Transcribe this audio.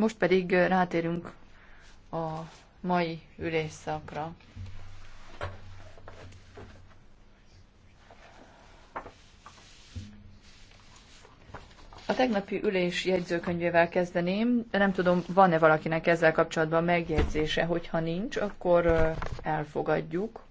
Most pedig rátérünk a mai ülésszakra. A tegnapi ülés jegyzőkönyvével kezdeném. Nem tudom, van-e valakinek ezzel kapcsolatban megjegyzése, hogyha nincs, akkor elfogadjuk.